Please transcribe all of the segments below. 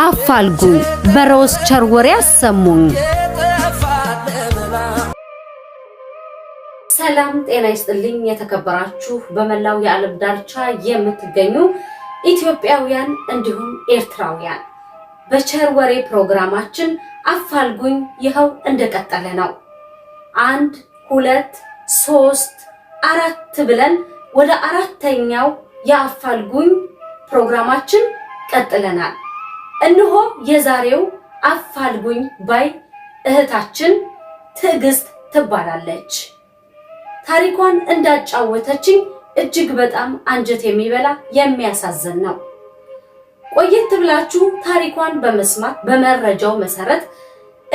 አፋልጉኝ በሮዝ ቸርወሬ አሰሙኝ። ሰላም ጤና ይስጥልኝ። የተከበራችሁ በመላው የዓለም ዳርቻ የምትገኙ ኢትዮጵያውያን እንዲሁም ኤርትራውያን በቸር ወሬ ፕሮግራማችን አፋልጉኝ ይኸው እንደቀጠለ ነው። አንድ ሁለት ሶስት አራት ብለን ወደ አራተኛው የአፋልጉኝ ፕሮግራማችን ቀጥለናል። እነሆ የዛሬው አፋልጉኝ ባይ እህታችን ትዕግስት ትባላለች። ታሪኳን እንዳጫወተችኝ እጅግ በጣም አንጀት የሚበላ የሚያሳዝን ነው። ቆየት ብላችሁ ታሪኳን በመስማት በመረጃው መሰረት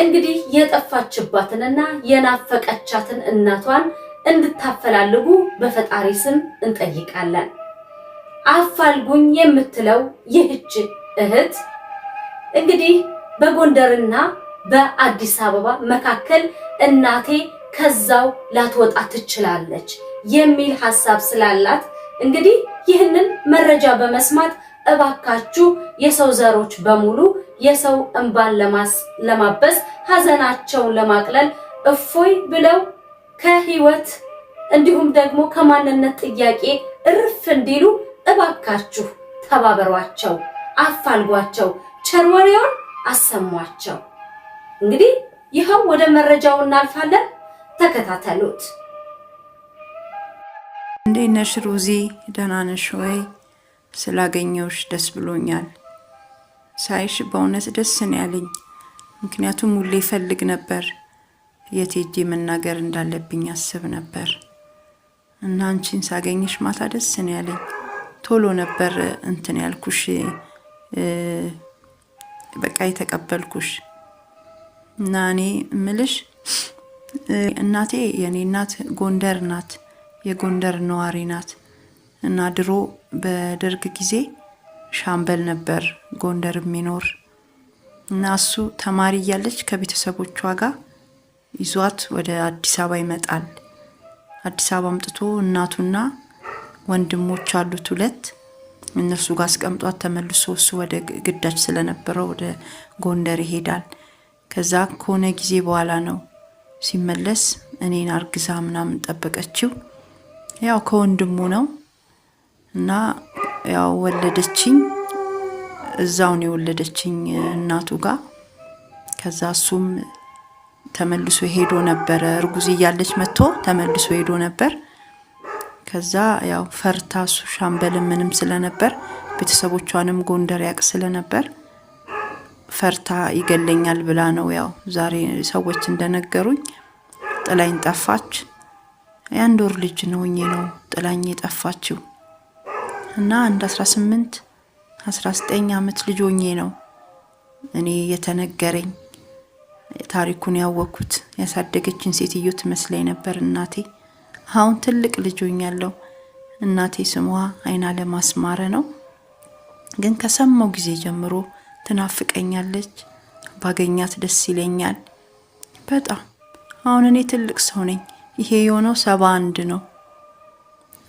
እንግዲህ የጠፋችባትንና የናፈቀቻትን እናቷን እንድታፈላልጉ በፈጣሪ ስም እንጠይቃለን። አፋልጉኝ የምትለው ይህች እህት እንግዲህ በጎንደርና በአዲስ አበባ መካከል እናቴ ከዛው ላትወጣ ትችላለች የሚል ሀሳብ ስላላት እንግዲህ ይህንን መረጃ በመስማት እባካችሁ የሰው ዘሮች በሙሉ የሰው እንባን ለማበስ ሀዘናቸውን ለማቅለል እፎይ ብለው ከህይወት እንዲሁም ደግሞ ከማንነት ጥያቄ እርፍ እንዲሉ እባካችሁ ተባበሯቸው፣ አፋልጓቸው። ቸርወሬውን አሰሟቸው። እንግዲህ ይኸው ወደ መረጃው እናልፋለን። ተከታተሉት። እንዴት ነሽ ሮዚ? ደህና ነሽ ወይ? ስላገኘውሽ ደስ ብሎኛል። ሳይሽ በእውነት ደስ ነው ያለኝ። ምክንያቱም ሁሌ ይፈልግ ነበር የት መናገር እንዳለብኝ አስብ ነበር እና አንቺን ሳገኝሽ ማታ ደስ ነው ያለኝ። ቶሎ ነበር እንትን ያልኩሽ በቃ የተቀበልኩሽ እና እኔ ምልሽ እናቴ የኔ እናት ጎንደር ናት፣ የጎንደር ነዋሪ ናት እና ድሮ በደርግ ጊዜ ሻምበል ነበር ጎንደር የሚኖር እና እሱ ተማሪ እያለች ከቤተሰቦቿ ጋር ይዟት ወደ አዲስ አበባ ይመጣል። አዲስ አበባ አምጥቶ እናቱና ወንድሞች አሉት ሁለት እነሱ ጋር አስቀምጧት ተመልሶ እሱ ወደ ግዳጅ ስለነበረው ወደ ጎንደር ይሄዳል። ከዛ ከሆነ ጊዜ በኋላ ነው ሲመለስ እኔን አርግዛ ምናምን ጠበቀችው። ያው ከወንድሙ ነው እና ያው ወለደችኝ። እዛውን የወለደችኝ እናቱ ጋር ከዛ እሱም ተመልሶ ሄዶ ነበረ። እርጉዝ እያለች መጥቶ ተመልሶ ሄዶ ነበር። ከዛ ያው ፈርታ እሱ ሻምበል ምንም ስለነበር ቤተሰቦቿንም ጎንደር ያቅ ስለነበር ፈርታ ይገለኛል ብላ ነው ያው ዛሬ ሰዎች እንደነገሩኝ ጥላኝ ጠፋች። የአንድ ወር ልጅ ነው ነው ጥላኝ የጠፋችው እና አንድ 18 19 ዓመት ልጅ ሆኜ ነው እኔ የተነገረኝ ታሪኩን ያወቅኩት። ያሳደገችን ሴትዮ ትመስለኝ ነበር እናቴ። አሁን ትልቅ ልጅ ሆኛለሁ። እናቴ ስሟ አይና ለማስማረ ነው። ግን ከሰማው ጊዜ ጀምሮ ትናፍቀኛለች። ባገኛት ደስ ይለኛል በጣም። አሁን እኔ ትልቅ ሰው ነኝ። ይሄ የሆነው ሰባ አንድ ነው።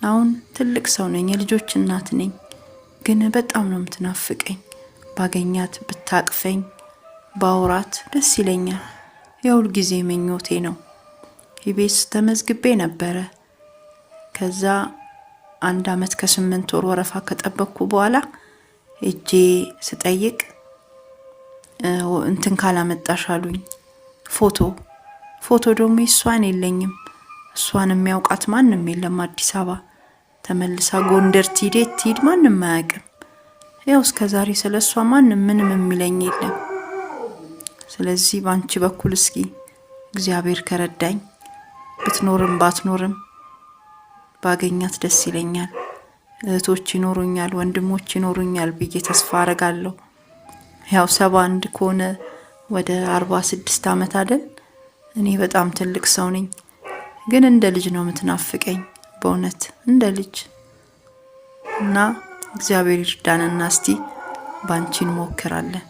አሁን ትልቅ ሰው ነኝ፣ የልጆች እናት ነኝ። ግን በጣም ነው የምትናፍቀኝ። ባገኛት ብታቅፈኝ፣ ባውራት ደስ ይለኛል። የሁል ጊዜ ምኞቴ ነው። ኢቢኤስ ተመዝግቤ ነበረ። ከዛ አንድ አመት ከስምንት ወር ወረፋ ከጠበቅኩ በኋላ እጄ ስጠይቅ እንትን ካላመጣሽ አሉኝ። ፎቶ ፎቶ ደግሞ እሷን የለኝም። እሷን የሚያውቃት ማንም የለም። አዲስ አበባ ተመልሳ ጎንደር ትሂድ ትሂድ ማንም አያውቅም። ያው እስከ ዛሬ ስለ እሷ ማንም ምንም የሚለኝ የለም። ስለዚህ በአንቺ በኩል እስኪ እግዚአብሔር ከረዳኝ ብትኖርም ባትኖርም ባገኛት ደስ ይለኛል። እህቶች ይኖሩኛል፣ ወንድሞች ይኖሩኛል ብዬ ተስፋ አረጋለሁ። ያው ሰባ አንድ ከሆነ ወደ አርባ ስድስት ዓመት አደል። እኔ በጣም ትልቅ ሰው ነኝ፣ ግን እንደ ልጅ ነው የምትናፍቀኝ በእውነት እንደ ልጅ እና እግዚአብሔር ይርዳንና እስቲ ባንቺ እንሞክራለን።